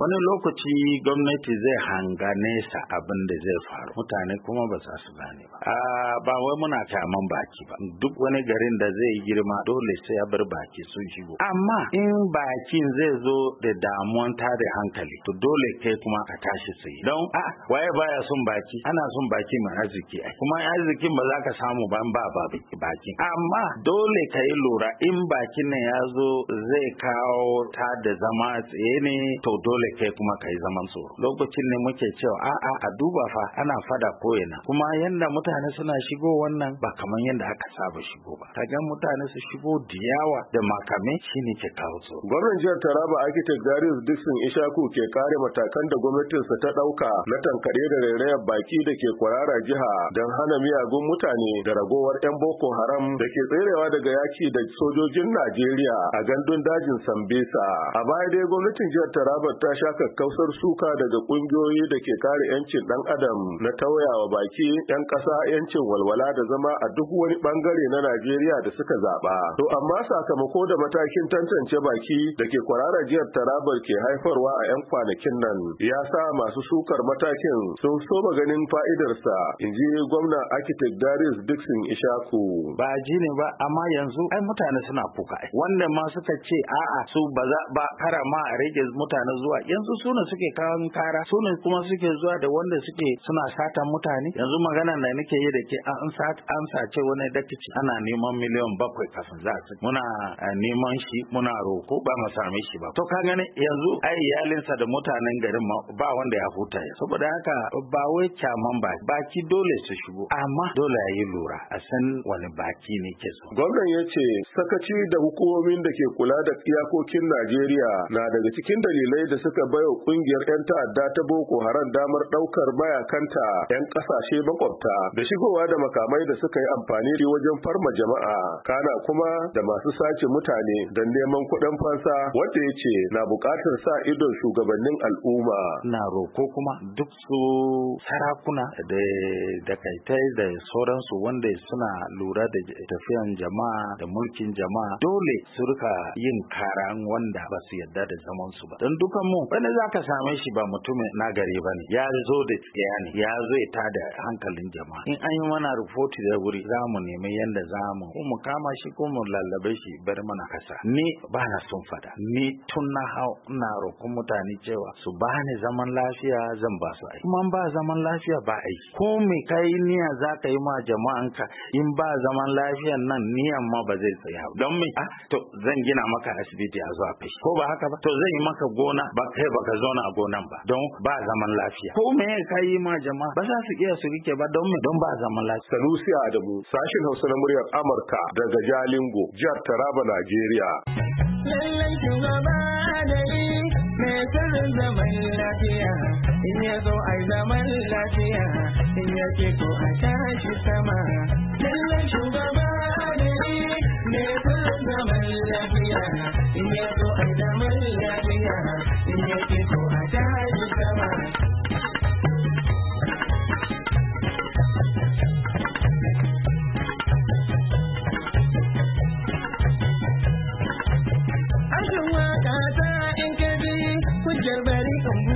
wani lokaci gwamnati zai hanga nesa abin da zai faru mutane kuma ba za su gane ba ba wai muna taman baki ba duk wani garin da zai girma dole sai ya bar baki sun shigo amma in bakin zai zo da damuwan da hankali to dole kai kuma ka tashi tsaye don a waye baya son baki ana son baki mai arziki kuma arzikin ba za ka samu ba ba ba baki amma dole ka yi lura in bakin nan ya zo zai kawo ta da zama tsaye ne to dole dole kai kuma ka yi zaman tsoro lokacin ne muke cewa a'a a duba fa ana fada koyana kuma yanda mutane suna shigo wannan ba kamar yanda aka saba shigo ba kaga mutane su shigo diyawa da makamai shine ke kawo tsoro gwamnatin jihar Taraba architect Darius Dixon Ishaku ke kare matakan da gwamnatin sa ta dauka na tankare da rairayar baki da ke kwarara jiha don hana miyagun mutane da ragowar 'yan Boko Haram da ke tserewa daga yaki da sojojin Najeriya a gandun dajin Sambisa a baya dai gwamnatin jihar Taraba ta sha kakkausar suka daga kungiyoyi da ke kare 'yancin ɗan adam na tauyawa baki 'yan ƙasa 'yancin walwala da zama a duk wani bangare na Najeriya da suka zaɓa. To amma sakamako da matakin tantance baki da ke kwarara jiyar tarabar ke haifarwa a 'yan kwanakin nan ya sa masu sukar matakin sun so ganin fa'idarsa in ji gwamna architect Darius Dixon Ishaku. Ba ji ne ba amma yanzu ai mutane suna kuka wanda ma suka ce a'a su ba za ba kara ma a rage mutane zuwa yanzu suna suke kawo kara suna kuma suke zuwa da wanda suke suna sata mutane yanzu magana da nake yi da ke an sace wani dakici ana neman miliyan bakwai kafin za su muna eh, neman shi muna roko ba mu same shi ba to ka gani yanzu ai iyalinsa da mutanen garin ba wanda ya huta ya saboda haka ba wai caman ba baki dole su shigo amma dole a yi lura a san wani baki ne ke so gwamnan ya ce sakaci da hukumomin da ke kula da iyakokin najeriya na daga cikin dalilai da suka suka baiwa kungiyar 'yan ta'adda ta Boko Haram damar ɗaukar mayakanta 'yan kasashe makwabta da shigowa da makamai da suka yi amfani da wajen farma jama'a, kana kuma da masu sace mutane don neman kuɗin fansa wanda ya ce na buƙatar sa idon shugabannin al'umma. Na roko kuma duk su sarakuna da dakaitai da sauransu wanda suna lura da tafiyan jama'a da mulkin jama'a dole su rika yin karan wanda ba su yarda da zaman su ba. Don dukan mu wani za ka same shi ba mutumin na gari ba ne ya zo da tsayani ne ya zo ya tada hankalin jama'a in an yi mana rufoti da wuri za mu nemi yadda za mu ko mu kama shi ko mu lallabe shi bar mana kasa ni ba na son fada ni tun na hau na roƙon mutane cewa su ba ni zaman lafiya zan ba su aiki kuma ba zaman lafiya ba aiki ko me kai niyya za ka yi ma jama'anka in ba zaman lafiyan nan niyan ma ba zai tsaya don me ah to zan gina maka asibiti a zuwa fashi ko ba haka ba to zan yi maka gona ba kai baka zauna a gonan ba don ba zaman lafiya ko me ka yi ma jama'a ba za su iya su rike ba don me don ba zaman lafiya Sanusiya Adamu sashin Hausa na muryar Amurka daga Jalingo jihar Taraba Najeriya Lallan shugaba adali mai zaman lafiya in ya zo ai zaman lafiya in ya ce ko a tashi sama zaman lafiya in ya so a zaman lafiya in ya ki a tashi